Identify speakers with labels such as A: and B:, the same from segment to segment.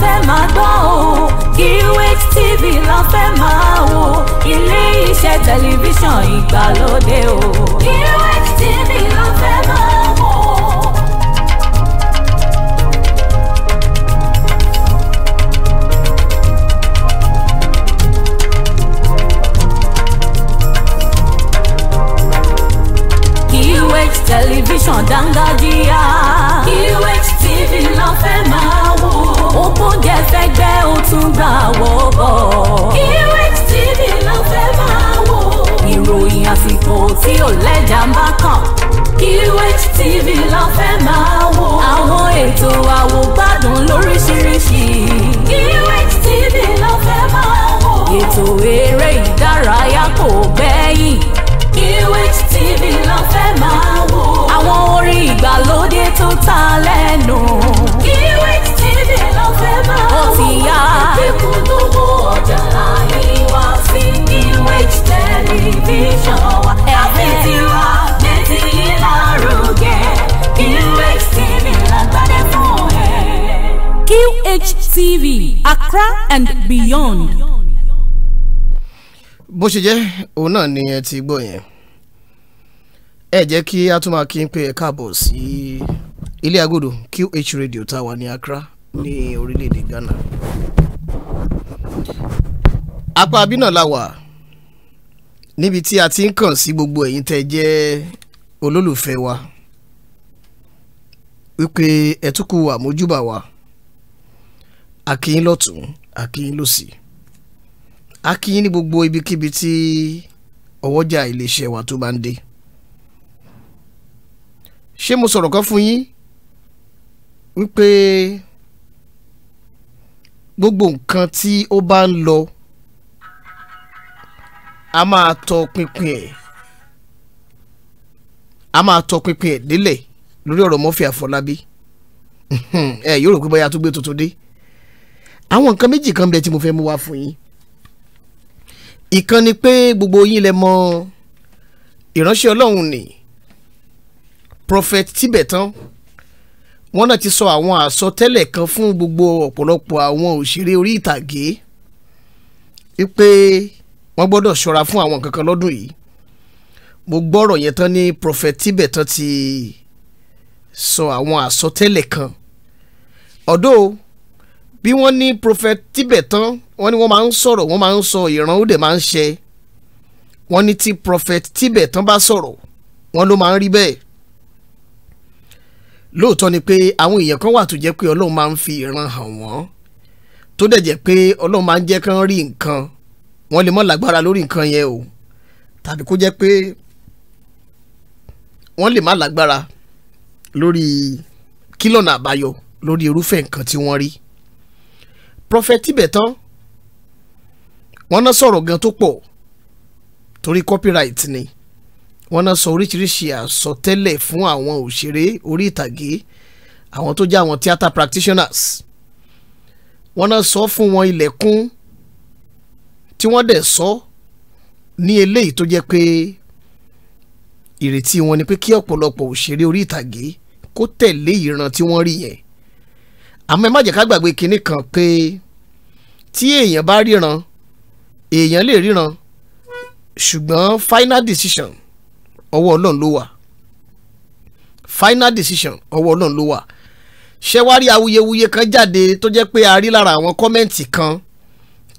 A: la máa gbọ́ o QH TV la fẹ́ máa wò ilé iṣẹ́ tẹlifíṣàn ìgbàlódé o. QH TV la fẹ́ máa wò. QH tẹlifíṣàn dángájíá QH TV la fẹ́ máa wò ògbóúnjẹ fẹ́gbẹ́ ó tún gbà wọ́ bọ̀. QH TV ló fẹ́ máa wò. ìròyìn àsìkò tí ò lẹ́jà ń bá kàn. QH ló fẹ́ máa wò. àwọn ètò àwò gbádùn lóríṣiríṣi. QH ló fẹ́ máa wò. ètò eré ìdárayá kò gbẹ́yìn. QH ló fẹ́ máa wò. àwọn orin ìgbàlódé tó ta lẹ́nu. No
B: and beyond.
C: bó ṣe jẹ́ òun náà ni ẹ ti gbọ́ yẹn ẹ jẹ́ kí a tún máa kí n pé ẹ káàbọ̀ sí ilé agodo QH radio tá a wà ní Accra ní orílẹ̀-èdè Ghana apá abínà la wà níbi tí a ti ń kàn sí gbogbo ẹ̀yin tẹ́ jẹ́ olólùfẹ́ wa wípé ẹ àmójúbà wa. Wipe, akíyín lọ́tún akíyín lósì akíyín ní gbogbo ibikíbi tí ọwọ́jà iléeṣẹ́ wa tó bá ń dé ṣé mo sọ̀rọ̀ kan fún yín wípé gbogbo nǹkan tí ó bá ń lọ a máa tọ pinpin ẹ̀ a máa tọ pinpin ẹ̀ délẹ̀ lórí ọ̀rọ̀ Murphy Àfọlábí ẹ yóò rò pé bóyá tó gbé tuntun dé àwọn nǹkan méjì kan bẹ tí mo fẹ́ mú wá fún yín ìkan pé gbogbo yín lẹ mọ ìránṣẹ́ ọlọ́run ni prophet Tibetan wọ́n náà ti sọ àwọn àsọtẹ́lẹ̀ kan fún gbogbo ọ̀pọ̀lọpọ̀ àwọn òṣèré orí ìtàgé wípé wọ́n gbọ́dọ̀ ṣọ́ra fún àwọn kankan lọ́dún yìí mo gbọ́rọ̀ yẹn tán ní prophet Tibetan ti sọ àwọn àsọtẹ́lẹ̀ kan ọ̀dọ́ bí wọ́n ní prophet tibetan wọ́n ní wọ́n máa ń sọ̀rọ̀ wọ́n máa ń sọ ìran ó dẹ̀ máa ń ṣe wọ́n ní tí prophet tibetan bá sọ̀rọ̀ wọ́n ló máa ń rí bẹ́ẹ̀ lóòótọ́ ni pé àwọn èèyàn kan wà tó jẹ́ pé ọlọ́run máa ń fi ìran hàn wọ́n tó dẹ̀ jẹ́ pé ọlọ́run máa ń jẹ́ kán rí nǹkan wọ́n lè mọ́ lágbára lórí nǹkan yẹn o tàbí kó jẹ́ pé wọ́n lè má lágbára lórí kílọ̀nà àbáyọ lórí irúfẹ́ nǹkan tí wọ́n rí prophet Tibetan wọ́n náà sọ̀rọ̀ gan tó pọ̀ torí copyright ni wọ́n náà sọ oríṣiríṣi àsọtẹ́lẹ̀ fún àwọn òṣèré orí ìtàgé àwọn tó jẹ́ àwọn theatre practitioners wọ́n náà sọ fún wọn ilẹ̀kùn tí wọ́n dẹ̀ sọ ní eléyìí tó jẹ́ pé ìrètí wọn ni pé kí ọ̀pọ̀lọpọ̀ òṣèré orí ìtàgé kó tẹ̀lé ìran tí wọ́n rí yẹn àmọ́ ẹ má jẹ́ ká gbàgbé kinní kan pé tí èèyàn bá ríran èèyàn lè ríran ṣùgbọ́n final decision ọwọ́ ọlọ́run ló wà final decision ọwọ́ ọlọ́run ló wà ṣé wá rí awuyewuye kan jáde tó jẹ́ pé a rí lára àwọn kọ́mẹ́ǹtì kan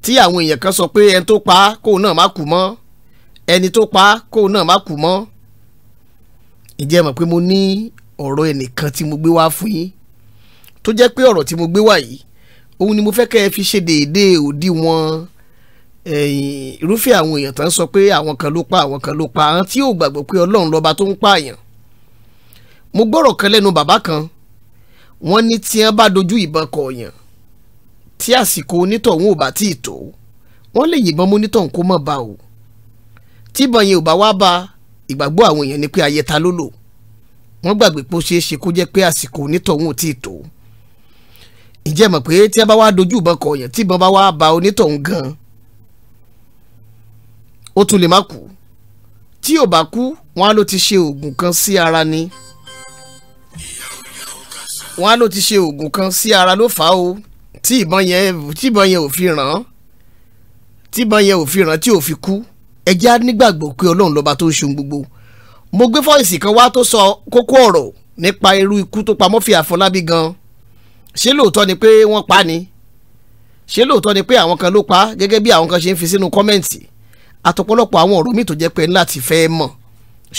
C: tí àwọn èèyàn kan sọ pé ẹni tó pa kóun náà má kú mọ́ ẹni tó pa kóun náà má kú mọ́ ǹjẹ́ mọ̀ pé mo ní ọ̀rọ̀ ẹnìkan tí mo gbé wá fún yín tó jẹ́ pé ọ̀rọ̀ tí mo gbé wá yìí òun ni mo fẹ́ kẹ́ ẹ fi ṣe déédéé òdiwọ̀n irúfẹ́ àwọn èèyàn tó ń sọ pé àwọn kan ló pa àwọn kan ló pa àwọn tí yóò gbàgbọ́ pé ọlọ́run lọ́ba tó ń pààyàn mo gbọ́rọ̀ kan lẹ́nu bàbá kan wọ́n ní tí wọ́n bá dojú ìbọn kọ̀ọ̀yàn tí àsìkò onítọ̀hún ò bá tí tó wọ́n lè yìnbọn mú onítọ̀hún kó mọ̀ bá o tíbọn yẹn ò bá wá ba ìgbàgbọ́ àwọn èèyàn ni pé ayẹta ló lò wọ́n gbàgbé pé ó ṣeé ṣe kó jẹ́ pé àsìkò onítọ̀hún ò tí tó ǹjẹ́ mọ̀ pé tí a bá wá dojú ìbọn kọ yẹn tí ìbọn bá wá ba onítọ̀hún gan-an ó tún lè má kú tí ò bá kú wọn á ló ti ṣe oògùn kan sí ara ni wọn á ló ti ṣe oògùn kan sí ara ló fà á o tí ìbọn yẹn tí ìbọn yẹn ò fi ràn án tí ìbọn yẹn ò fi ràn án tí ò fi kú ẹ á nígbàgbọ́ pé ọlọ́run lọ́ba tó ń ṣe ohun gbogbo mo gbé fọ́ìsì kan wá tó sọ kókó ọ̀rọ̀ nípa irú ikú tó pa Murphy Àfọlábí gan-an ṣé lóòótọ́ ni pé wọ́n pa ni ṣé lóòótọ́ ni pé àwọn kan ló pa gẹ́gẹ́ bí àwọn kan ṣe ń fi sínú kọ́mẹ̀ǹtì àtọ̀pọ̀lọpọ̀ àwọn ọ̀rọ̀ mi tó jẹ́ pé ńlá ti fẹ́ mọ̀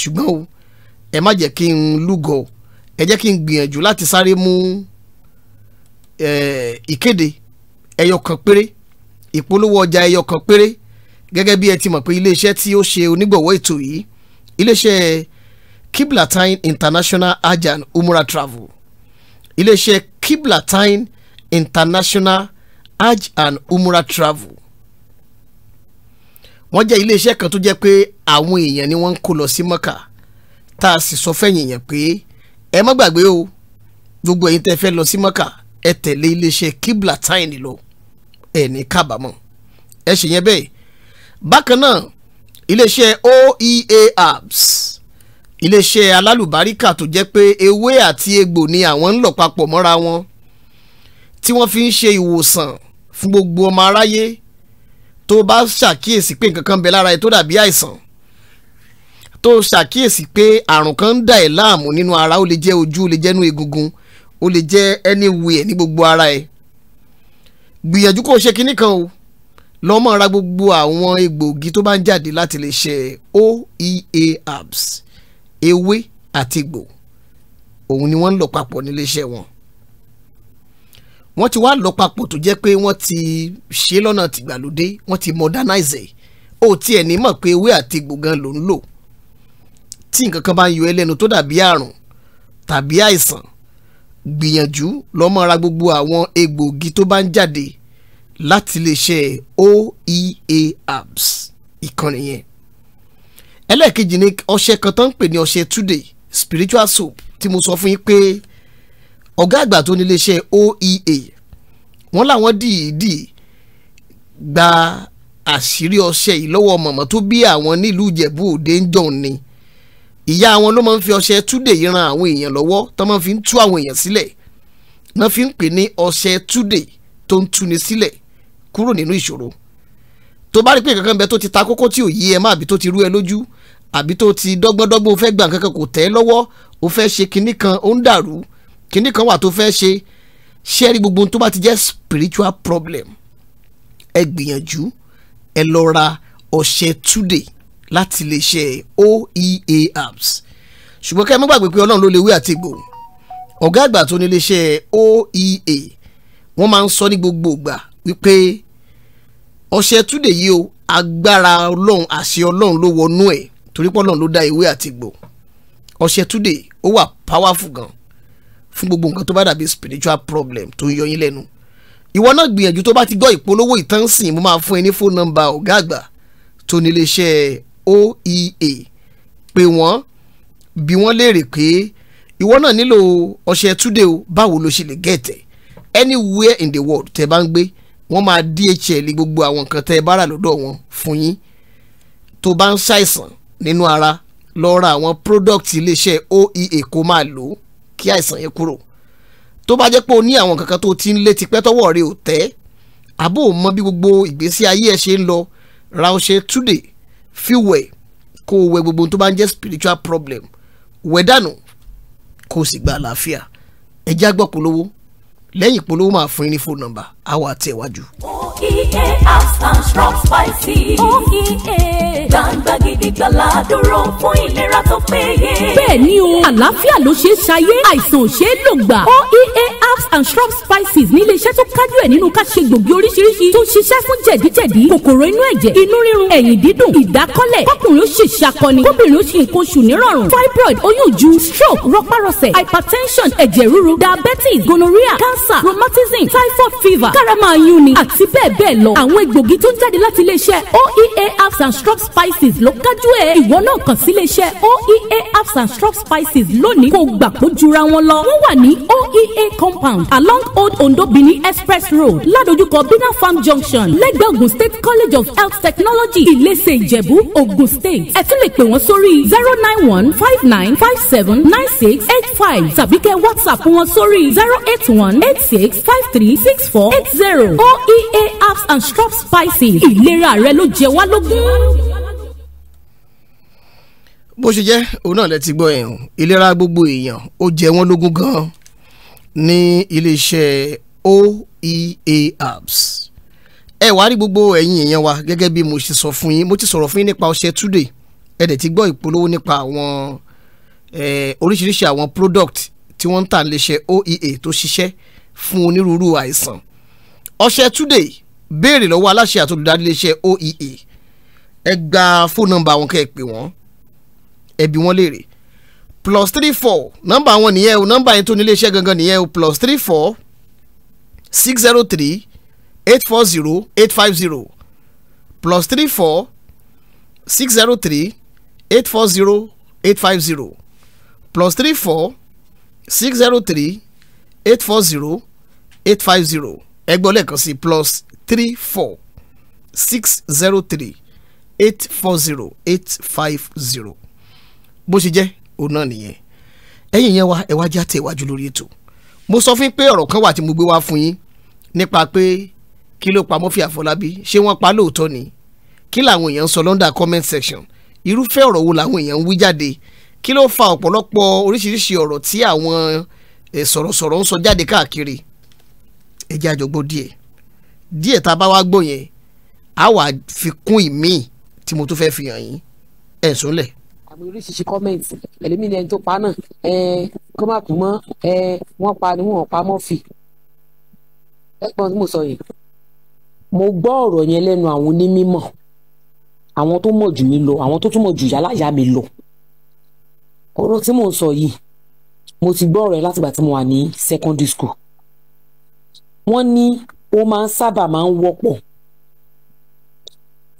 C: ṣùgbọ́n o ẹ má jẹ́ kí n lúgọ ẹ jẹ́ kí n gbìyànjú láti sáré mú ìkéde ẹyọ péré ìpolówó ọjà ẹyọ péré gẹ́gẹ́ bí ẹ ti mọ̀ pé iléeṣẹ́ tí ó ṣe onígbọ̀wọ́ ètò yìí iléeṣẹ́ Kiblatin International Hajj umura Travel iléeṣẹ́ Kiblatain International Hajj and Umrah Travel wọ́n jẹ́ iléeṣẹ́ kan tó jẹ́ pé àwọn èèyàn ni wọ́n ń kó lọ sí Mọ́kà tá a sì sọ fẹ́yìn èèyàn pé ẹ má gbàgbé o gbogbo ẹ̀yin tẹ́ fẹ́ lọ sí Mọ́kà ẹ tẹ̀lé iléeṣẹ́ Kiblatain lọ ẹ ní kábàámọ̀ ẹ ṣèyẹn bẹ́ẹ̀ bákan náà iléeṣẹ́ OEA apps iléeṣẹ́ alálùbáríkà tó jẹ́ pé ewé àti egbò ni àwọn ń lọ papọ̀ mọ́ra wọn tí wọ́n fi ń ṣe ìwòsàn fún gbogbo ọmọ aráyé tó bá ṣàkíyèsí pé nǹkan kan bẹ lára ẹ tó dàbí àìsàn tó ṣàkíyèsí pé àrùn kan ń dà ẹ́ láàmú nínú ara ó lè jẹ́ ojú ó lè jẹ́ inú egungun ó lè jẹ́ anywhere ní gbogbo ara ẹ gbìyànjú kó o ṣe kinní kan o lọ́mọ ra gbogbo àwọn egbòogi tó bá ń jáde láti lè ṣe oea herbs ewé àtìgbò òun ni wọ́n ń lò papọ̀ níléeṣẹ́ wọn wọ́n ti wá lò papọ̀ tó jẹ́ pé wọ́n ti ṣe lọ́nà tìgbàlódé wọ́n ti modernize ó tiẹ̀ ní mọ̀ pé ewé àtìgbò gan ló ń lò tí nǹkan kan bá ń yọ ẹ́ lẹ́nu tó dàbí àrùn tàbí àìsàn gbìyànjú lọ́mọ́ra gbogbo àwọn egbòogi tó bá ń jáde láti iléeṣẹ́ OEA apps ìkànnì yẹn ẹlẹ́ẹ̀kejì ni ọṣẹ kan tó ń pè ní ọṣẹ today spiritual soap tí mo sọ fún yín pé ọ̀gá àgbà tó ní iléeṣẹ́ oea wọ́n làwọn dìídì gba àṣírí ọṣẹ yìí lọ́wọ́ mọ̀mọ́ tó bí àwọn nílùú ìjẹ̀bú òde ń jọ̀ ni ìyá àwọn ló máa ń fi ọṣẹ today yìí ran àwọn èèyàn lọ́wọ́ tó máa fi ń tú àwọn èèyàn sílẹ̀ náà fi ń pè ní ọṣẹ today tó ń túni sílẹ̀ kúrò nínú ìṣòro tó bá rí pé kankan bẹ tó ti ta kókó tí ò yí ẹ má bí tó ti rú ẹ lójú àbí tó ti dọ́gbọ́ndọ́gbọ́ o fẹ́ gbà nǹkan kan kò tẹ́ lọ́wọ́ o fẹ́ ṣe kinní kan ó ń dàrú kinní kan wà tó fẹ́ ṣe ṣé ẹ rí gbogbo tó bá ti jẹ́ spiritual problem ẹ gbìyànjú ẹ lọ ra ọṣẹ túdè láti lè ṣe oea apps ṣùgbọ́n ká ẹ má gbàgbé pé ọlọ́run ló lè wí àti gbòò ọ̀gá àgbà tó ní iléeṣẹ́ oea wọ́n máa ń sọ ní gbogbo ìgbà wípé ọṣẹ túdè yìí o agbára ọlọ́run àṣẹ ọlọ́run ló wọnú ẹ̀ torí pọ́nlọ́n ló dá ewé àti igbó ọṣẹ túdè ó wà powerful gan fún gbogbo nǹkan tó bá dàbí spiritual problem tó ń yọ yín lẹ́nu ìwọ náà gbìyànjú tó bá ti gbọ́ ìpolówó ìtànsìn mo máa fún ẹ ní fóònù nọ́mbà ọ̀gá àgbà tó ní iléeṣẹ́ oea pé wọ́n bí wọ́n léèrè pé ìwọ náà nílò ọṣẹ túdè o báwo ló ṣe lè gẹ̀ẹ́tẹ̀ anywhere in the world tẹ́ bá ń gbé wọ́n máa DHL gbogbo àwọn nǹkan tẹ́ bá lọ́dọ̀ wọn fún yín tó bá ń ṣàìsàn nínú ara lọ ra àwọn product iléeṣẹ́ oea kó máa lò ó kí àìsàn yẹn kúrò tó bá jẹ́ pé o ní àwọn kankan tó ti ń lé tipẹ́ tọ́wọ́ rẹ ò tẹ́ àbò mọ bí gbogbo ìgbésí ayé ẹ ṣe ń lọ ra ọṣẹ túdè fíwẹ̀ kó o wẹ gbogbo tó bá ń jẹ́ spiritual problem wẹ̀ dànù kó o sì gba àlàáfíà ẹ já gbọ́ polówó lẹ́yìn polówó máa fún yín ní fóònù nọ́mbà àwa àti ẹ̀wájú
A: okie herbs and shrub spices. okie. gbangba gidigbala dúró fún ìlera tó péye. bẹ́ẹ̀
B: ni o àlàáfíà ló ṣe é ṣayé àìsàn ò ṣe é lògbà oie and shrub spices ní iléeṣẹ́ tó kájú ẹ̀ nínú ká ṣe gbòógì oríṣiríṣi tó ń ṣiṣẹ́ fún jẹ̀díjẹ̀dí kòkòrò inú ẹ̀jẹ̀ inú rírun ẹ̀yìn dídùn ìdákọ́lẹ̀ kọkùnrin ó ṣe ṣàkọni kóbìnrin ó ṣe nǹkan oṣù nírọ̀rùn fibroid oyún ju stroke rọpárọsẹ̀ hypertension ẹ̀jẹ̀ ríru diabetes gonorrhea cancer rheumatism typhoid fever karamayuni àti bẹ́ẹ̀ bẹ́ẹ̀ lọ àwọn egbògi tó ń jáde láti iléeṣẹ́ oea herbs and shrub spices ló kájú ẹ̀ ìwọ náà kàn sí iléeṣẹ́ oea herbs and shrub spices lónìí kó gbà kó jura wọn lọ wọ́n wà ní oea compound round along old ondo benin express road ládojúkọ bina farm junction lẹ́gbẹ̀ẹ́ ogun state college of health technology ilese ìjẹ̀bú ogun state ẹ tún lè pè wọ́n sórí zero nine one five nine five seven nine six eight five tàbí kẹ́ whatsapp wọn sórí zero eight one eight six five three six four eight zero oea apps and shop spices ìlera rẹ ló
C: jẹ wá lógún bó ṣe jẹ́ òun náà lẹ ti gbọ́ ẹ̀hún ìlera gbogbo èèyàn ó jẹ wọ́n lógún gan-an ní iléeṣẹ́ oea apps ẹ wá rí gbogbo ẹ̀yin èèyàn wa gẹ́gẹ́ bí mo ṣe sọ fún yín mo ti sọ̀rọ̀ fún yín nípa ọṣẹ today ẹ dẹ̀ ti gbọ́ ìpolówó nípa àwọn oríṣiríṣi àwọn product tí wọ́n ń tà níléeṣẹ́ oea tó ṣiṣẹ́ fún onírúurú àìsàn ọṣẹ today béèrè lọ́wọ́ aláṣẹ àti olùdarí iléeṣẹ́ oea ẹ gba fóònù nọ́mbà wọn kẹ́ ẹ pè wọ́n ẹ bi wọ́n léèrè plus three four number one nìyẹn o nọ́mbà yẹn tó ní iléeṣẹ́ gangan nìyẹn o plus three four six zero three eight four zero eight five zero plus three four six zero three eight four zero eight five zero plus three four six zero three eight four zero eight five zero ẹgbọ́n lẹ́ẹ̀kan sí plus three four six zero three eight four zero eight five zero bó ṣe jẹ́ ó náà nìyẹn ẹ̀yin yẹn wá ẹ wá já tẹ̀ wájú lórí ètò mo sọ fún yín pé ọ̀rọ̀ kan wà tí mo gbé wá fún yín nípa pé kí ló pa Murphy Àfọlábí ṣé wọ́n pa lóòótọ́ ni kí làwọn èèyàn ń sọ lọ́ndà comment section irúfẹ́ ọ̀rọ̀ wo làwọn èèyàn ń wí jáde kí ló fa ọ̀pọ̀lọpọ̀ oríṣiríṣi ọ̀rọ̀ tí àwọn eh, sọ̀rọ̀sọ̀rọ̀ ń sọ jáde káàkiri ẹ jẹ́ àjọgbọ́ díẹ̀ díẹ̀ tá a bá wá gbọ́ yẹn á wà fi kún ìmíì tí mo tún fẹ́ fi hàn yín ẹ̀ sùn lẹ̀ àwọn oríṣiríṣi kọ́mẹ̀ntì ẹlẹ́mìí
D: ni ẹni tó pa náà ẹ kó má kú mọ́ ẹ wọ́n pa ni wọ́n pa mọ́ fi ẹ̀gbọ́n tí mo sọ yìí mo gbọ́ ọ̀rọ̀ yẹn lẹ́nu àwọn onímọ̀ àwọn tó mọ̀ jù mí lọ àwọn tó tún mọ̀ jù yálàyà mi lọ ọ̀rọ̀ tí mo sọ yìí mo ti gbọ́ ọ̀rọ̀ yẹn látìgbà tí mo wà ní secondary school wọ́n ní ó máa ń sábà máa ń wọ́pọ̀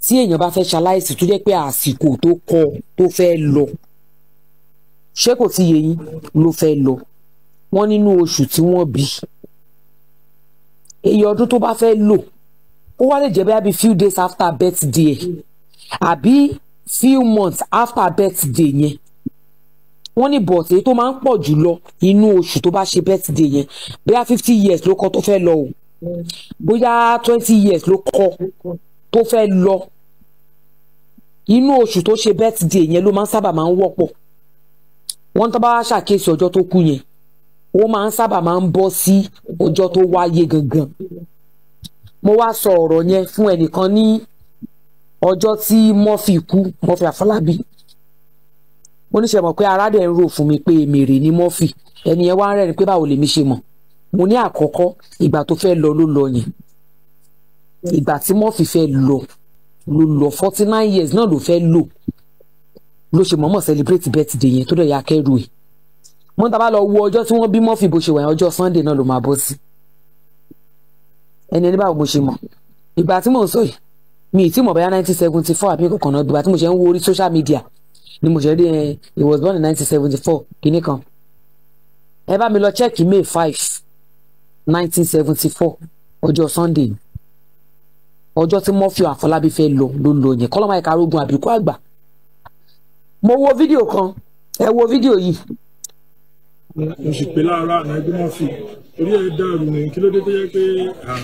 D: tí èèyàn bá fẹ́ ṣaláìsí tó jẹ́ pé àsìkò tó kọ tó fẹ́ lọ ṣé kò tí yẹyin ló fẹ́ lọ wọ́n nínú oṣù tí wọ́n bí èyí ọdún tó bá fẹ́ lò ó wá lè jẹ́ bí i few days after birthday àbí few months after birthday yẹn wọ́n ní bọ̀tẹ́ tó máa ń pọ̀ jù lọ inú oṣù tó bá ṣe birthday yẹn bóyá fifty years ló kọ tó fẹ́ lọ o bóyá twenty years ló kọ tó fẹ́ lọ inú oṣù tó ṣe birthday yẹn ló máa ń sábà máa ń wọ́pọ̀ wọ́n tó bá wá ṣàkíyèsí ọjọ́ tó kú yẹn ó máa ń sábà máa ń bọ́ sí ọjọ́ tó wáyé gangan mo wá sọ ọ̀rọ̀ yẹn fún ẹnìkan ní ọjọ́ tí Murphy kú Murphy Afọlábí mo ní ṣe mọ̀ pé ara dẹ̀ ń rò fún mi pé mèrè ni Murphy ẹni yẹn wá ń ni pé báwo lèmi ṣe mọ̀ mo ní àkọ́kọ́ ìgbà tó fẹ́ lọ ló lọ yẹn ìgbà tí mo fi fẹ́ lọ ló lọ forty nine years náà ló fẹ́ lò ló ṣe mọ̀ọ́mọ̀ celebrate birthday yẹn tó dẹ̀ ya kẹ́rù ẹ̀ mo ń ta bá lọ wo ọjọ́ tí wọ́n bí mọ́fì bó ṣe wà ọjọ́ sunday náà ló máa bọ́ sí ẹni ẹni báwo mo ṣe mọ̀ ìgbà tí mò ń sọ yìí mi ì tí mọ̀ báyà nineteen seventy four àbí kankan ìgbà tí mo ṣe ń wo orí social media ni mo ṣe rí ẹ eh, it was born in nineteen seventy four kìíní kan ẹ bá mi lọ check may five nineteen seventy four ọjọ́ sunday ọjọ́ tí Murphy Àfọlábí fẹ́ lọ ló lọ yẹn kọ́lọ́mọ ẹ̀ka arógun àbíkú àgbà mo wo fídíò kan ẹ wo fídíò yìí. mo sì pé láàárọ̀ àná ẹgbẹ́ Murphy orí ẹ̀ dàrú ni kí ló dé tó yẹ pé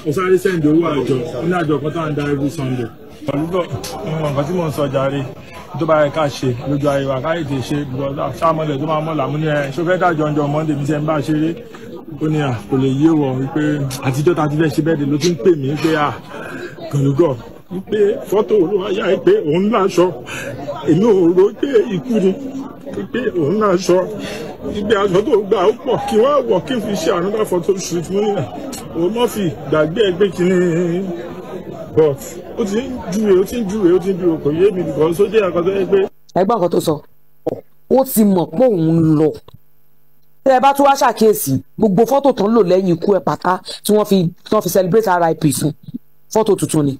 D: ó sáré sẹ́ǹdì owó àjọ nínú àjọ kan tá à ń da every Sunday. ọ̀lúbọ̀ mo mọ̀ tí mò ń sọ jàre tó bá yẹ ká ṣe lójú ayé wa káyé tè ṣe sámọ́lẹ̀ tó máa mọ́lá mú ní ẹ ṣó mọ́ndé mi ṣe ń bá ṣeré ó ní à kò lè yé wọ wípé àtijọ́ ta ti fẹ́ ṣe bẹ́ẹ̀ dè ló ti ń pè mí pé à gànlúgọ̀ wípé fọ́tò olúwayá ẹ pé òun láṣọ èmi ò rò pé ikú ni pé òun láṣọ ìgbé aṣọ tó gbà ó pọ̀ kí wọ́n wọ̀ kí n fi ṣe àrùn bá fọ́tò ṣùtù but ó ti ń júwe ó ti ń júwe ó ti ń júwe kò yé mi nìkan só jẹ́ àkọ́tọ́ ẹ pé. ẹgbẹ́ ọkọ tó sọ ó ti mọ̀ pé òun ń lọ tẹ ẹ bá tún wá ṣàkíyèsí gbogbo fọ́tò tó ń lò lẹ́yìn ikú ẹ pátá tí wọ́n fi tí wọ́n fi celebrate RIP fún fọ́tò tuntun ni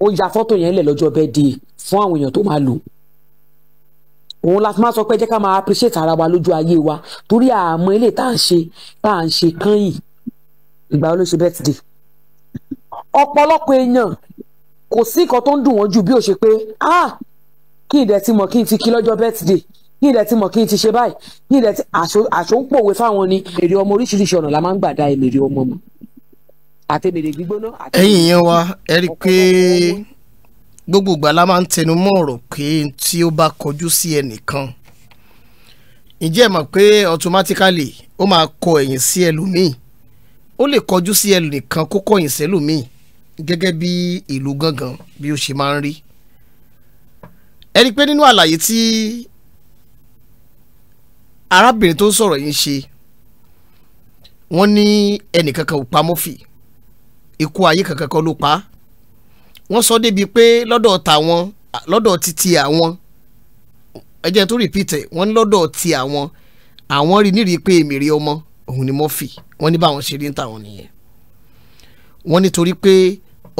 D: ó ya fọ́tò yẹn lẹ̀ lọ́jọ́ birthday fún àwọn èèyàn tó máa lò òun la fi máa sọ pé jẹ́ ká máa appreciate ara wa lójú ayé wa torí àmọ́ ilé tá à ń ṣe tá à ń ṣe kányìn ìgbà wo ló ṣe birthday ọ̀pọ̀lọpọ̀ èèyàn kò sí nǹkan tó ń dùn wọ́n jù bí ó ṣe pé ah kí n dẹ̀ ti mọ̀ kí n ti kí lọ́jọ́ birthday kí n dẹ̀ ti mọ̀ kí n ti ṣe báyìí kí n dẹ̀ ti àṣọ ń pòwe fáwọn ni èrè ọmọ oríṣiríṣi ọ̀nà la máa ń gbà dá èrè ọmọ mọ̀ àti èrè gbígbóná. ẹ̀yin yẹn wa
C: ẹ rí i pé gbogbo ìgbà la máa ń tẹnu mọ́ ọ̀rọ̀ pé tí ó bá kọjú sí ẹnìkan ǹjẹ́ ẹ mọ̀ pé automatically ó máa kọ ẹ̀yìn sí ẹlòmíì ó lè kọjú sí ẹnìkan kó kọ̀yìn sẹ́lòmíì gẹ́gẹ́ bí ìlú gangan bí ó ṣe máa ń rí ẹ rí i pé nínú àlàyé tí arábìnrin tó ń sọ̀rọ̀ yìí ń ṣe wọ́n ní ẹnìkankan ò pa Murphy ikú ayé kankan kọ́ ló pa á wọ́n sọ débi pé lọ́dọ̀ tàwọn lọ́dọ̀ títí àwọn ẹ tó rìpítẹ̀ wọ́n ní lọ́dọ̀ ti àwọn àwọn rí nírí pé èmìrì ọmọ òun ni Murphy wọ́n ní báwọn ṣe rí ń tàwọn nìyẹn wọ́n nítorí pé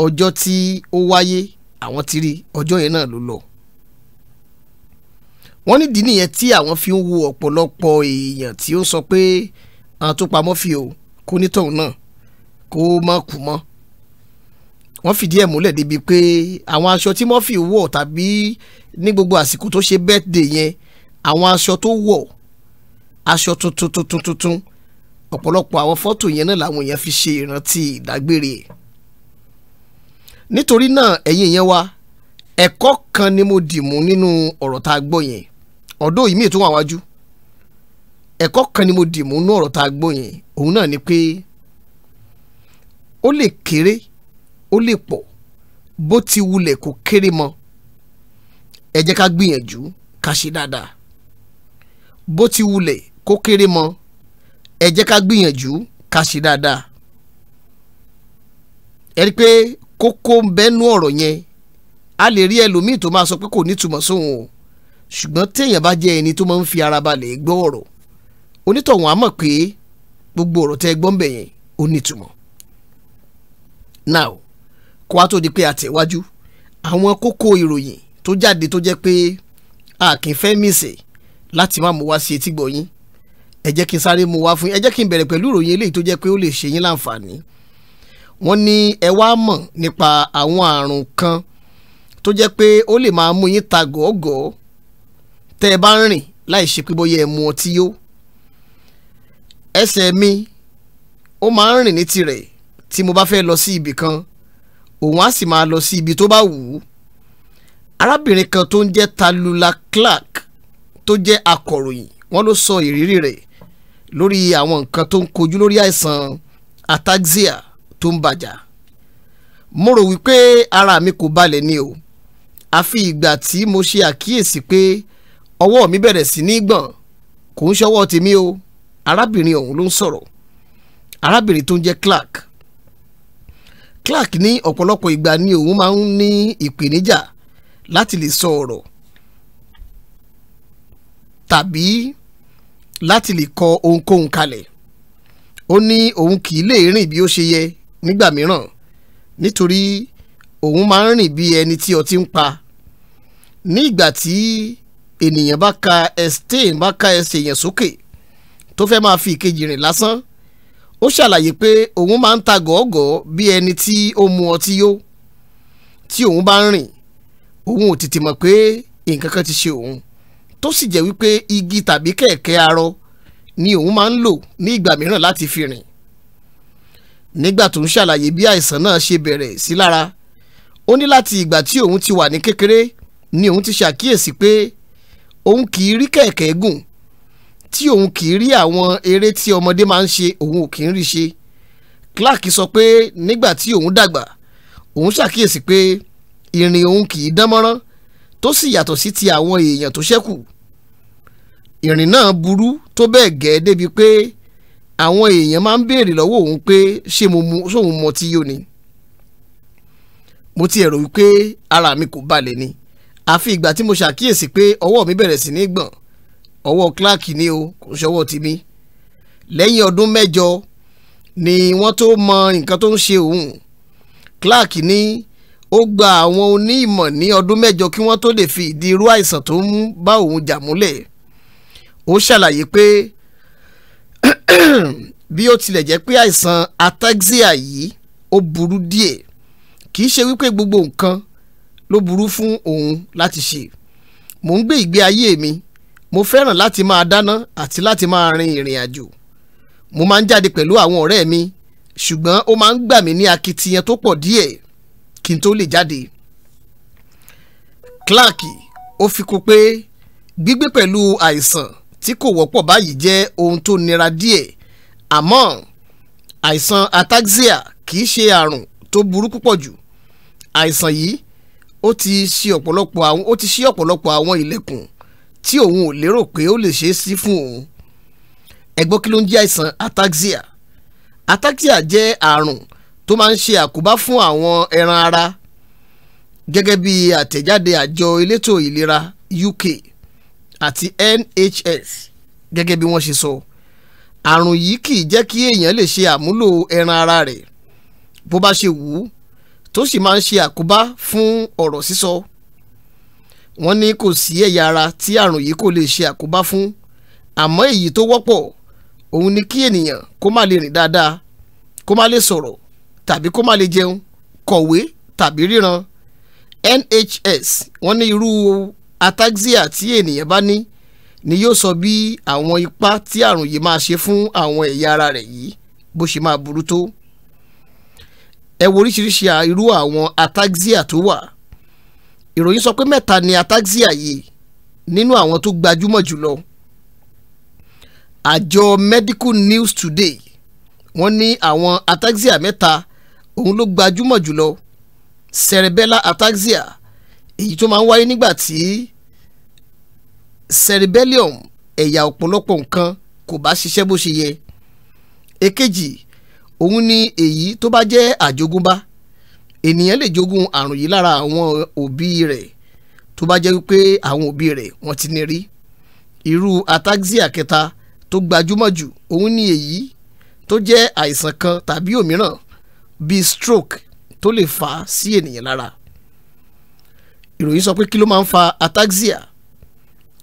C: ọjọ́ tí ó wáyé àwọn ti rí ọjọ́ yẹn náà ló lọ. wọ́n nídìí nìyẹn tí àwọn fi ń wo ọ̀pọ̀lọpọ̀ èèyàn tí ó sọ pé àwọn tó pamọ́ fi o kó nítòun náà kó má kú mọ́. wọ́n fìdí ẹ̀ múlẹ̀ débi pé àwọn aṣọ tí Murphy wọ̀ tàbí ní gbogbo àsìkò tó ṣe birthday yẹn àwọn aṣọ tó wọ̀ aṣọ tuntun tuntun tuntun ọ̀pọ̀lọpọ̀ àwọn fọ́tò yẹn náà làwọn èèyàn fi ṣe ìrántí ìdágbére nítorí náà ẹ̀yin yẹn wa ẹ̀kọ́ kan ni mo dì mú nínú ọ̀rọ̀ tá a gbọ́ yẹn ọ̀dọ́ yìí mìíràn tó wà wájú ẹ̀kọ́ kan ni mo dì mú nínú ọ̀rọ̀ tá a gbọ́ yẹn òun náà ni pé ó lè kéré ó lè pọ̀ bó ti wulẹ̀ kó kéré mọ́ ẹ jẹ́ ká gbìyànjú ká ṣe dáadáa bó ti wulẹ̀ kó kéré mọ́ ẹ jẹ́ ká gbìyànjú ká ṣe dáadáa ẹ rí i pé kókó ń bẹ́nu ọ̀rọ̀ yẹn a lè rí ẹlòmíì tó máa sọ pé kò nítumọ̀ sóhun o ṣùgbọ́n téèyàn bá jẹ́ ẹni tó máa ń fi ara balẹ̀ gbọ́ ọ̀rọ̀ onítọ̀hún á mọ̀ pé gbogbo ọ̀rọ̀ tẹ́ gbọ́ ń bẹ̀ yẹn ó nítumọ̀ now kó a tó di pé àtẹ̀wájú àwọn kókó ìròyìn tó jáde tó jẹ́ pé a kì í fẹ́ mìsè láti má mú wá sí etí gbọ̀nyín ẹ jẹ́ kí n sáré mú wá fún yín ẹ jẹ́ kí n bẹ̀rẹ̀ pẹ̀lú ìròyìn eléyìí tó jẹ́ pé ó lè ṣe yín láǹfààní wọ́n ní ẹ wá mọ̀ nípa àwọn àrùn kan tó jẹ́ pé ó lè máa mú yín ta gọ̀ọ́gọ̀ọ́ tẹ́ ẹ bá ń rìn láì ṣe pé bóyá ẹ mu ọtí yó ẹsẹ̀ mi ó máa ń rìn ní tirẹ̀ tí mo bá fẹ́ lọ sí ibì kan òun á sì máa lọ sí ibi tó bá wù ú arábìnrin kan tó ń jẹ́ Talula Clark tó jẹ́ akọ̀ròyìn wọ́n ló sọ ìrírí rẹ̀ lórí àwọn nǹkan tó ń kojú lórí àìsàn ataxia tó ń bàjà mo rò wípé ara mi kò balẹ̀ ni o àfi ìgbà tí mo ṣe àkíyèsí pé ọwọ́ mi bẹ̀rẹ̀ sí ní gbọ̀n kò ń ṣọwọ́ tèmi o arábìnrin ọ̀hún ló ń sọ̀rọ̀ arábìnrin tó ń jẹ́ Clark Clark ní ọ̀pọ̀lọpọ̀ ìgbà ni òun máa ń ní ìpèníjà láti lè sọ ọ̀rọ̀ tàbí láti lè kọ ohunkóhun kalẹ̀ ó ní òun kì í lè rìn bí ó ṣe yẹ nígbà mìíràn nítorí òun máa ń rìn bí ẹni tí ọtí ń pa ní ìgbà tí ènìyàn bá ka Stein bá ka ẹsẹ̀ yẹn sókè tó fẹ́ máa fi ìkejì rìn lásán ó ṣàlàyé pé òun máa ń ta gọ̀ọ́gọ̀ọ́ bí ẹni tí ó mu ọtí yó tí òun bá ń rìn òun ò tètè mọ̀ pé nǹkan kan ti ṣe òun tó sì jẹ́ wípé igi tàbí kẹ̀kẹ́ arọ ni òun máa ń lò ní ìgbà mìíràn láti fi rìn nígbà tó ń ṣàlàyé bí àìsàn náà ṣe bẹ̀rẹ̀ sí lára ó ní láti ìgbà tí òun ti wà ní kékeré ni òun ti ṣàkíyèsí pé òun kì í rí kẹ̀kẹ́ gùn tí òun kì í rí àwọn eré tí ọmọdé máa ń ṣe òun ò kì í rí ṣe Clark sọ pé nígbà tí òun dàgbà òun ṣàkíyèsí pé ìrìn òun kì í dán mọ́rán tó sì yàtọ̀ sí ti àwọn èèyàn tó ṣẹ́kù ìrìn náà burú tó bẹ́ẹ̀ gẹ́ débi pé àwọn èèyàn máa ń béèrè lọ́wọ́ òun pé ṣé mo mu sóun mọ tí yó ni mo ti ẹ̀rọ wípé ara mi kò balẹ̀ ni àfi ìgbà tí mo ṣàkíyèsí pé ọwọ́ mi bẹ̀rẹ̀ sí ní gbọ̀n ọwọ́ Clark ni o kò ṣọwọ́ tèmi lẹ́yìn ọdún mẹ́jọ ni wọ́n tó mọ nǹkan tó ń ṣe òun Clark ní ó gba àwọn onímọ̀ ní ọdún mẹ́jọ kí wọ́n tó lè fi ìdí irú àìsàn tó ń bá òun jà múlẹ̀ ó ṣàlàyé pé bí ó tilẹ̀ jẹ́ pé àìsàn ataxia yìí ó burú díẹ̀ kì í ṣe wípé gbogbo nǹkan ló burú fún òun láti ṣe mò ń gbé ìgbé ayé mi mo fẹ́ràn láti máa dáná àti láti máa rin ìrìn àjò mo máa ń jáde pẹ̀lú àwọn ọ̀rẹ́ mi ṣùgbọ́n ó máa ń gbà mí ní akitiyan tó pọ̀ díẹ̀ kí n tó lè jáde Clark ó fi kún pé gbígbé pẹ̀lú àìsàn tí kò wọ́pọ̀ báyìí jẹ́ ohun tó nira díẹ̀ àmọ́ àìsàn ataxia kìí ṣe àrùn tó burú púpọ̀ jù àìsàn yìí ó ti ṣí ọ̀pọ̀lọpọ̀ àwọn ó ti ṣí ọ̀pọ̀lọpọ̀ àwọn ilẹ̀kùn tí òun ò lérò pé ó lè ṣeé sí fún òun ẹ gbọ́ kí ló ń jẹ́ àìsàn ataxia ataxia jẹ́ àrùn tó máa ń ṣe àkóbá fún àwọn ẹran ara gẹ́gẹ́ bí àtẹ̀jáde àjọ elétò ìlera UK àti NHS gẹ́gẹ́ bí wọ́n ṣe sọ àrùn yìí kì í jẹ́ kí èèyàn lè ṣe àmúlò ẹran ara rẹ̀ bó bá ṣe wù ú tó sì máa ń ṣe àkóbá fún ọ̀rọ̀ sísọ wọ́n ní kò sí ẹ̀yà ara tí àrùn yìí kò lè ṣe àkóbá fún àmọ́ èyí tó wọ́pọ̀ òun ni kí ènìyàn kó má lè rìn dáadáa kó má lè sọ̀rọ̀ tàbí kó má lè jẹun kọ̀wé tàbí ríran NHS wọ́n ní irú ataxia tí ènìyàn bá ní ni yóò sọ bí àwọn ipa tí àrùn yìí máa ṣe fún àwọn ẹ̀yà ara rẹ̀ yìí bó ṣe máa burú tó ẹ wo oríṣiríṣi irú àwọn ataxia tó wà ìròyìn sọ pé mẹ́ta ni ataxia yìí nínú àwọn tó gbajúmọ̀ jùlọ àjọ medical news today wọ́n ní àwọn ataxia mẹ́ta òun ló gbajúmọ̀ jùlọ cerebellar ataxia èyí tó máa ń wáyé nígbà tí cerebellum ẹ̀yà ọ̀pọ̀lọpọ̀ nǹkan kò bá ṣiṣẹ́ bó ṣe yẹ èkejì òun ni èyí tó bá jẹ́ àjogúnbá ènìyàn lè jogún àrùn yìí lára àwọn òbí rẹ̀ tó bá jẹ́ wípé àwọn òbí rẹ̀ wọ́n ti ní rí irú ataxia kẹta tó gbajúmọ̀ jù òun ni èyí tó jẹ́ àìsàn kan tàbí òmíràn bíi stroke tó lè fà á sí ènìyàn lára ìròyìn sọ pé kí ló máa ń fa ataxia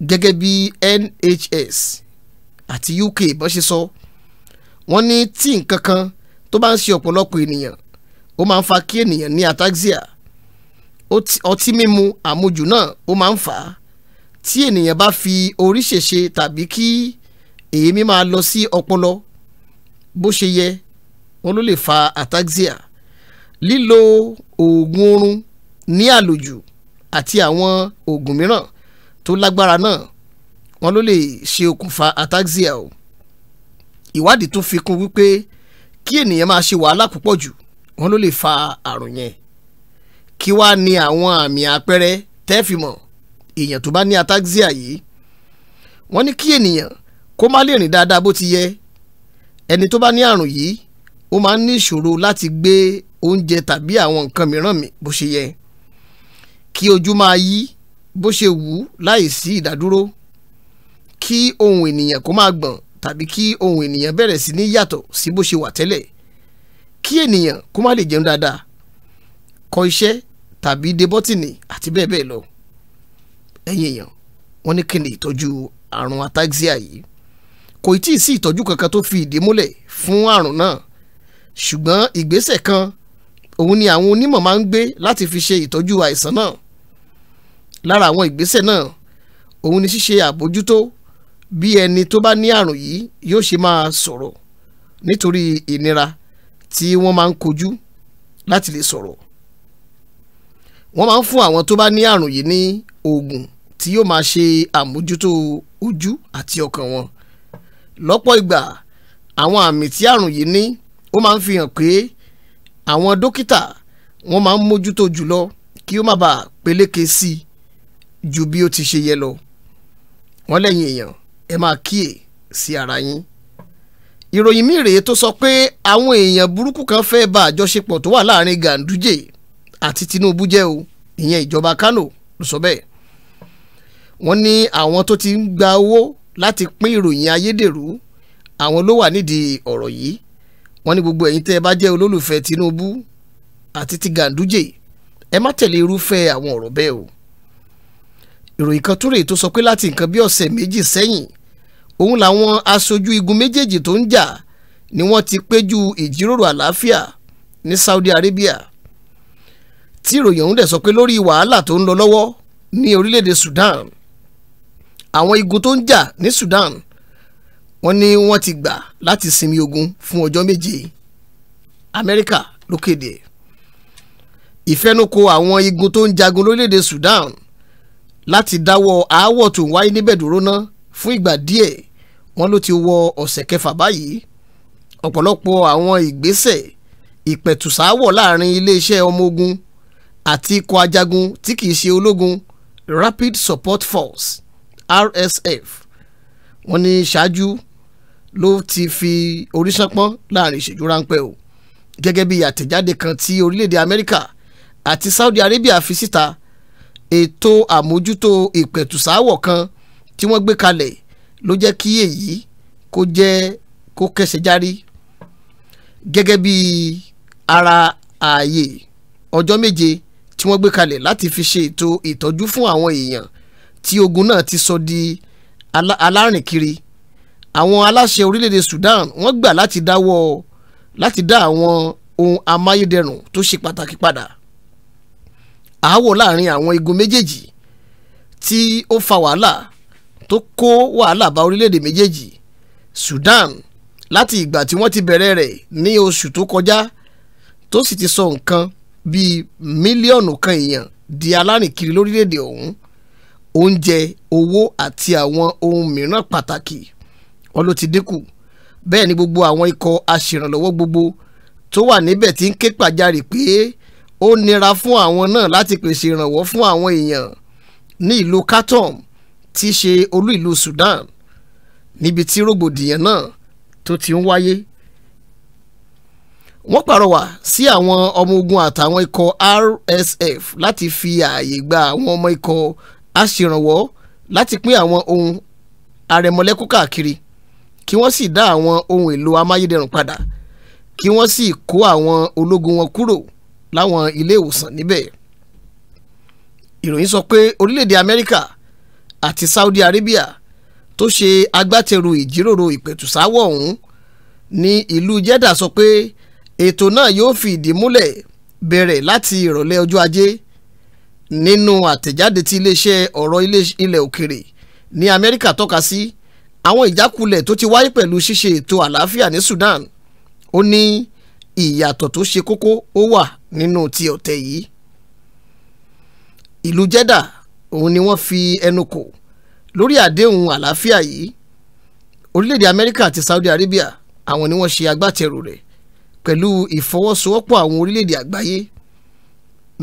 C: gẹ́gẹ́ bí NHS àti UK bó ṣe sọ wọ́n ní tí nǹkan kan tó bá ń ṣe ọ̀pọ̀lọpọ̀ ènìyàn ó máa ń fa kí ènìyàn ní ataxia ọtí mímu àmujù náà ó máa ń fà á tí ènìyàn bá fi orí ṣèṣe tàbí kí èémí máa lọ sí ọpọlọ bó ṣe yẹ wọn ló lè fa ataxia lílo oògùn oorun ní àlòjù àti àwọn oògùn mìíràn tó lágbára náà wọn ló lè ṣe okùnfà ataxia o ìwádìí tún fi kún wípé kí ènìyàn máa ṣe wàhálà púpọ̀ jù wọn ló lè fa àrùn yẹn kí wàá ní àwọn àmì àpẹẹrẹ tẹ́fìmọ̀ èèyàn tó bá ní ataxia yìí wọ́n ní kí ènìyàn kó má lè rìn dáadáa bó ti yẹ ẹni tó bá ní àrùn yìí ó máa ń ní ìṣòro láti gbé oúnjẹ tàbí àwọn nǹkan mìíràn mì bó ṣe yẹ kí ojú máa yí bó ṣe wù ú láì sí ìdádúró kí ohun ènìyàn kó máa gbọ̀n tàbí kí ohun ènìyàn bẹ̀rẹ̀ sí ní yàtọ̀ sí bó ṣe wà tẹ́lẹ̀ kí ènìyàn kó má lè jẹun dáadáa kọ iṣẹ́ tàbí de bọ́tìnì àti bẹ́ẹ̀ bẹ́ẹ̀ lọ ẹ̀yin èèyàn wọ́n ní kí ni ìtọ́jú àrùn ataxia yìí kò tí ì sí ìtọ́jú kankan tó fi ìdí múlẹ̀ fún àrùn náà ṣùgbọ́n ìgbésẹ̀ kan òun ni àwọn onímọ̀ máa ń gbé láti fi ṣe ìtọ́jú àìsàn náà lára àwọn ìgbésẹ̀ náà òun ni ṣíṣe àbójútó bí ẹni tó bá ní àrùn yìí yóò ṣe máa sọ̀rọ̀ nítorí ìnira tí wọ́n máa ń kojú láti lè sọ̀rọ̀ wọ́n máa ń fún àwọn tó bá ní àrùn yìí ní oògùn tí yóò máa ṣe àmójútó ojú àti ọkàn wọn lọ́pọ̀ ìgbà àwọn àmì tí àrùn yìí ní ó máa ń fi hàn pé àwọn dókítà wọ́n máa ń mójútó jùlọ kí ó má bàa peléke sí i ju bí ó ti ṣe yẹ lọ wọ́n lẹ́yìn èèyàn ẹ máa kíyè sí ara yín ìròyìn míì rèé tó sọ pé àwọn èèyàn burúkú kan fẹ́ bà àjọṣepọ̀ tó wà láàrin Ganduje àti Tinubu jẹ́ o ìyẹn ìjọba Kano ló sọ bẹ́ẹ̀ wọ́n ní àwọn tó ti ń gba owó láti pín ìròyìn ayédèrú àwọn ló wà nídìí ọ̀rọ̀ yìí wọ́n ní gbogbo ẹ̀yin tẹ́ ẹ bá jẹ́ olólùfẹ́ Tinubu àti ti Ganduje ẹ má tẹ̀lé irúfẹ́ àwọn ọ̀rọ̀ bẹ́ẹ̀ o ìròyìn kan tún rèé tó sọ pé láti nǹkan bí ọ̀sẹ̀ méjì sẹ́yìn òun làwọn aṣojú igun méjèèjì tó ń jà ni wọ́n ti péjú ìjíròrò àlàáfíà ní Saudi Arabia tí ìròyìn ọ̀hún dẹ̀ sọ pé lórí wàhálà tó ń lọ lọ́wọ́ ní orílẹ̀-èdè Sudan àwọn igun tó ń jà ní Sudan wọ́n ní wọ́n ti gbà láti sinmi ogun fún ọjọ́ méje Amẹ́ríkà ló kéde ìfẹnukò àwọn igun tó ń jagun lórílẹ̀-èdè Sudan láti dáwọ́ aáwọ̀ tó ń wáyé níbẹ̀ dúró ná fún ìgbà díẹ̀ wọ́n ló ti wọ ọ̀sẹ̀ kẹfà báyìí ọ̀pọ̀lọpọ̀ àwọn ìgbésẹ̀ ìpẹ̀tùsáwọ̀ láàrin iléeṣẹ́ ọmọ ogun àti ikọ̀ ajagun tí kìí ṣe ológun Rapid Support Force RSF wọ́n ní ṣáájú ló ti fi oríṣánpọ́n láàrin ìṣèjú ráńpẹ́ o gẹ́gẹ́ bí àtẹ̀jáde kan tí orílẹ̀-èdè Amẹ́ríkà àti Saudi Arabia fi síta ètò àmójútó ìpẹ̀tùsáwọ̀ kan tí wọ́n gbé kalẹ̀ ló jẹ́ kí èyí kó jẹ́ kó kẹsẹ̀ járí gẹ́gẹ́ bí ara ààyè ọjọ́ méje tí wọ́n gbé kalẹ̀ láti fi ṣe ètò ìtọ́jú fún àwọn èèyàn tí ogun náà ti sọ di alárìnkiri àwọn aláṣẹ orílẹ̀-èdè Sudan wọ́n gbà láti dáwọ́ láti dá àwọn ohun amáyédẹrùn tó ṣe pàtàkì padà aáwọ̀ láàrin àwọn igun méjèèjì tí ó fa wàhálà tó kó wàhálà bá orílẹ̀-èdè méjèèjì Sudan láti ìgbà tí wọ́n ti bẹ̀rẹ̀ rẹ̀ ní oṣù tó kọjá tó sì ti sọ nǹkan bíi mílíọ̀nù kan èèyàn di alárìnkiri lórílẹ̀-èdè ọ̀hún oúnjẹ owó àti àwọn ohun mìíràn pàtàkì wọn ló ti dínkù bẹ́ẹ̀ ni gbogbo àwọn ikọ̀ aṣèrànlọ́wọ́ gbogbo tó wà níbẹ̀ ti ń ké pàjáre pé ó nira fún àwọn náà láti pèsè ìrànwọ́ fún àwọn èèyàn ní ìlú Khartoum tí í ṣe olú ìlú Sudan níbi tí rògbòdìyàn náà tó ti ń wáyé wọ́n pàrọwà sí àwọn ọmọ ogun àtàwọn ikọ̀ RSF láti fi ààyè gba àwọn ọmọ ikọ̀ aṣèrànwọ́ láti pín àwọn ohun àrẹ̀mọ́lẹ́kù káàkiri kí wọ́n sì dá àwọn ohun èlò amáyédẹrùn padà kí wọ́n sì kó àwọn ológun wọn kúrò láwọn ilé ìwòsàn níbẹ̀ ìròyìn sọ pé orílẹ̀-èdè Amẹ́ríkà àti Saudi Arabia tó ṣe agbátẹrù ìjíròrò ìpẹ̀tùsáwọ̀ ọ̀hún ní ìlú Jeddah sọ pé ètò náà yóò fi ìdí múlẹ̀ bẹ̀rẹ̀ láti ìrọ̀lẹ́ ọjọ́ ajé nínú àtẹ̀jáde tí iléeṣẹ́ ọ̀rọ̀ ilẹ̀ òkèrè ní Amẹ́ríkà tọ́ka sí àwọn ìjákulẹ̀ tó ti wáyé pẹ̀lú ṣíṣe ètò àlàáfíà ní Sudan ó ní ìyàtọ̀ tó ṣe kókó ó wà nínú ti ọ̀tẹ̀ yìí ìlú Jẹ́dà òun ni wọ́n fi ẹnu kò lórí àdéhùn àlàáfíà yìí orílẹ̀-èdè Amẹ́ríkà àti Saudi Arabia àwọn ni wọ́n ṣe agbátẹrù rẹ̀ pẹ̀lú ìfọwọ́sowọ́pọ̀ àwọn orílẹ̀-èdè àgbáyé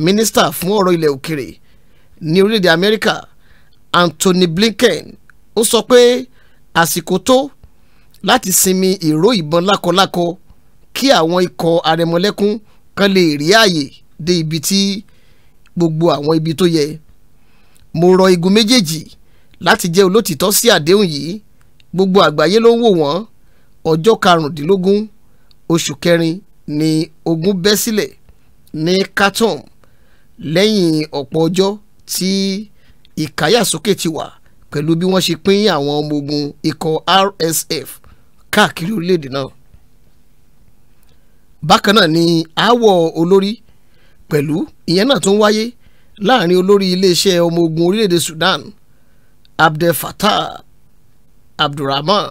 C: mínísítà fún ọ̀rọ̀ ilẹ̀ òkèrè ní orílẹ̀-èdè Amẹ́ríkà Anthony Blinken ó sọ pé àsìkò tó láti sinmi ìró ìbọn lákọlákọ kí àwọn ikọ̀ àrẹ̀mọ́lẹ́kún kan lè rí ààyè dé ibi tí gbogbo àwọn ibi tó yẹ mo rọ igun méjèèjì láti jẹ́ olótìtọ́ sí àdéhùn yìí gbogbo àgbáyé ló ń wò wọ́n ọjọ́ karùndínlógún oṣù kẹrin ni ogun bẹ́ sílẹ̀ ní Khartoum lẹ́yìn ọ̀pọ̀ ọjọ́ tí ìkáyàsókè ti wà pẹ̀lú bí wọ́n ṣe pín àwọn ọmọ ogun ikọ̀ RSF káàkiri orílẹ̀-èdè náà bákan náà ni aáwọ̀ olórí pẹ̀lú ìyẹn náà tó ń wáyé láàrin olórí iléeṣẹ́ ọmọ ogun orílẹ̀-èdè Sudan Abdel Fattah Abdulrahman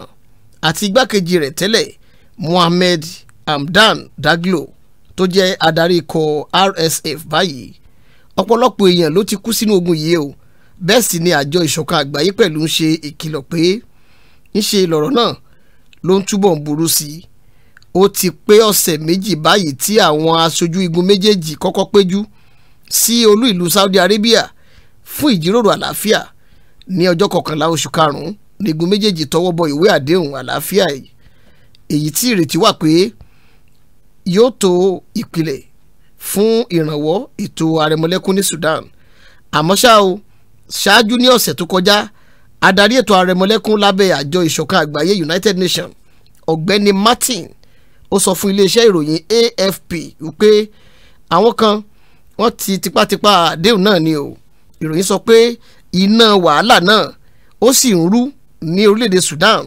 C: àti igbákejì rẹ̀ tẹ́lẹ̀ Mohammed Hamdan Daglo tó jẹ́ adarí ikọ̀ RSF báyìí ọ̀pọ̀lọpọ̀ èèyàn ló ti kú sínú ogun yìí o bẹ́ẹ̀ sì ni àjọ ìṣọ̀kan àgbáyé pẹ̀lú ń ṣe ìkìlọ̀ pé ń ṣe lọ̀rọ̀ náà ló ń túbọ̀ ń burú sí i ó ti pé ọ̀sẹ̀ méjì báyìí tí àwọn aṣojú igun méjèèjì kọ́kọ́ péjú sí olú ìlú Saudi Arabia fún ìjíròrò àlàáfíà ní ọjọ́ kọkànlá oṣù karùn-ún nígun méjèèjì tọwọ́ bọ ìwé àdéhùn àlàáfíà yìí èyí tí ìrètí wà pé yóò tó ìpìlẹ̀ fún ìrànwọ́ ètò àrẹ̀mọlẹ́kún ní Sudan àmọ́ ṣá o ṣáájú ní ọ̀sẹ̀ tó kọjá adarí ètò àrẹ̀mọlẹ́kún lábẹ́ àjọ ìṣọ̀kan àgbáyé United Nations ọ̀gbẹ́ni Martin ó sọ fún iléeṣẹ́ ìròyìn AFP wípé àwọn kan wọ́n ti tipátipá àdéhùn náà ni o ìròyìn sọ pé iná wàhálà náà ó sì ń rú ní orílẹ̀-èdè Sudan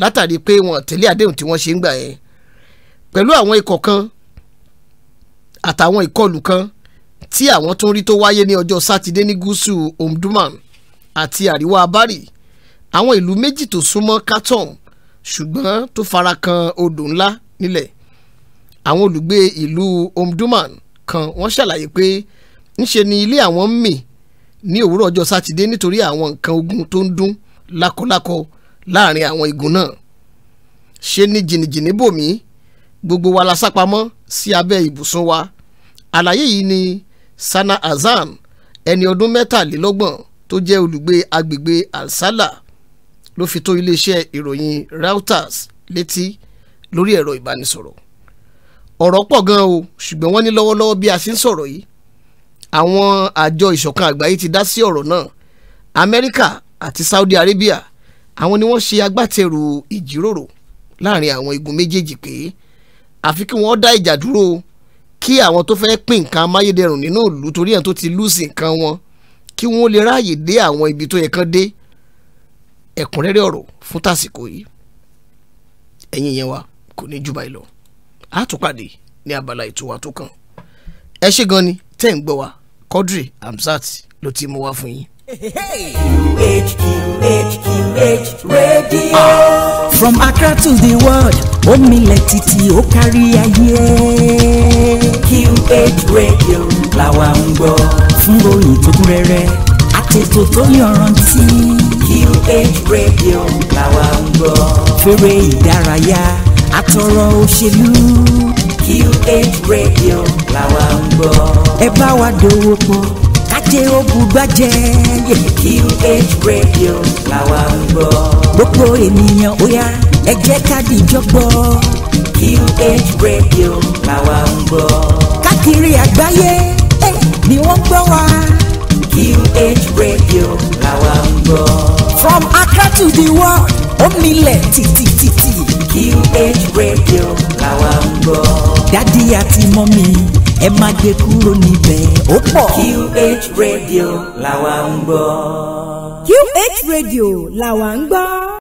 C: látàrí pé wọ́n tẹ̀lé àdéhùn tí wọ́n ṣe ń gbà yẹn pẹ̀lú àwọn ikọ̀ kan àtàwọn ìkọlù kan tí àwọn tó ń rí tó wáyé ní ọjọ́ sátidé ní gúúsù Omdurman àti àríwá Bari àwọn ìlú méjì tó súnmọ́ Khartoum ṣùgbọ́n tó fara kan odò ńlá nílẹ̀ àwọn olùgbé ìlú omdurman kan wọ́n ṣàlàyé pé ńṣe ni ilé àwọn ń mì ní òwúrọ̀ ọjọ́ sátidé nítorí àwọn nǹkan ogun tó ń dún lákọlákọ láàrin àwọn igun náà ṣe ni jìnnìjìnnì bòmí gbogbo wa la sápamọ́ sí abẹ́ ibùsùn wa àlàyé yìí ni sana azan ẹni ọdún mẹ́tàlélọ́gbọ̀n tó jẹ́ olùgbé agbègbè alsala ló fi tó iléeṣẹ́ ìròyìn reuters létí lórí ẹ̀rọ ìbánisọ̀rọ̀ ọ̀rọ̀ pọ̀ gan o ṣùgbọ́n wọ́n ní lọ́wọ́lọ́wọ́ bí a sì ń sọ̀rọ̀ yìí àwọn àjọ ìṣọ̀kan àgbáyé ti dá sí ọ̀rọ̀ náà Amẹ́ríkà àti Saudi Arabia àwọn ni wọ́n ṣe agbátẹrù ìjíròrò láàrin àwọn igun méjèèjì pé àfi kí wọ́n dá ìjà dúró kí àwọn tó fẹ́ pín nǹkan amáyédẹrùn nínú ìlú torí ẹ̀ tó ti lùsì nǹkan wọn kí wọ́n lè ráàyè dé àwọn ibi tó yẹ kán dé ẹ̀kúnrẹ́rẹ́ ọ̀rọ̀ fún tàsìkò yìí ẹ̀yin yẹn wa kò ní jù báyìí lọ àtúpàdé ní abala ètò wa tó kàn ẹ ṣe gan ni tẹ́ ń gbọ́ wa Quadri Hamzat ló ti mú wá fún yín.
B: From Accra to the world, omilẹ̀ títí ó kárí ayé.
A: QH Radio làwa ń gbọ́. Fún ròyìn tó kún rẹ́rẹ́, àtètò tó yọrantí. QH Radio làwa ń gbọ́. Fèrè ìdárayá àtọ̀rọ̀ òṣèlú. QH Radio làwa ń
D: gbọ́. ẹ bá wa dòwò pọ̀ kájé ogun gbájẹ́.
A: QH Radio làwa ń gbọ́. gbogbo ènìyàn ó yá ẹ jẹ́ ká dìjọ́ gbọ́. QH Radio làwa ń gbọ́.
D: káàkiri àgbáyé ni wọ́n gbọ́ wa. QH Radio làwa ń gbọ́. from Accra to the world tó milẹ̀
B: tìtìtìtì.
D: QH radio làwa ń gbọ́.
B: dádì àti mọ́mí
D: ẹ má gbé kúrò níbẹ̀ ó pọ̀. QH radio làwa ń gbọ́. QH radio làwa ń gbọ́.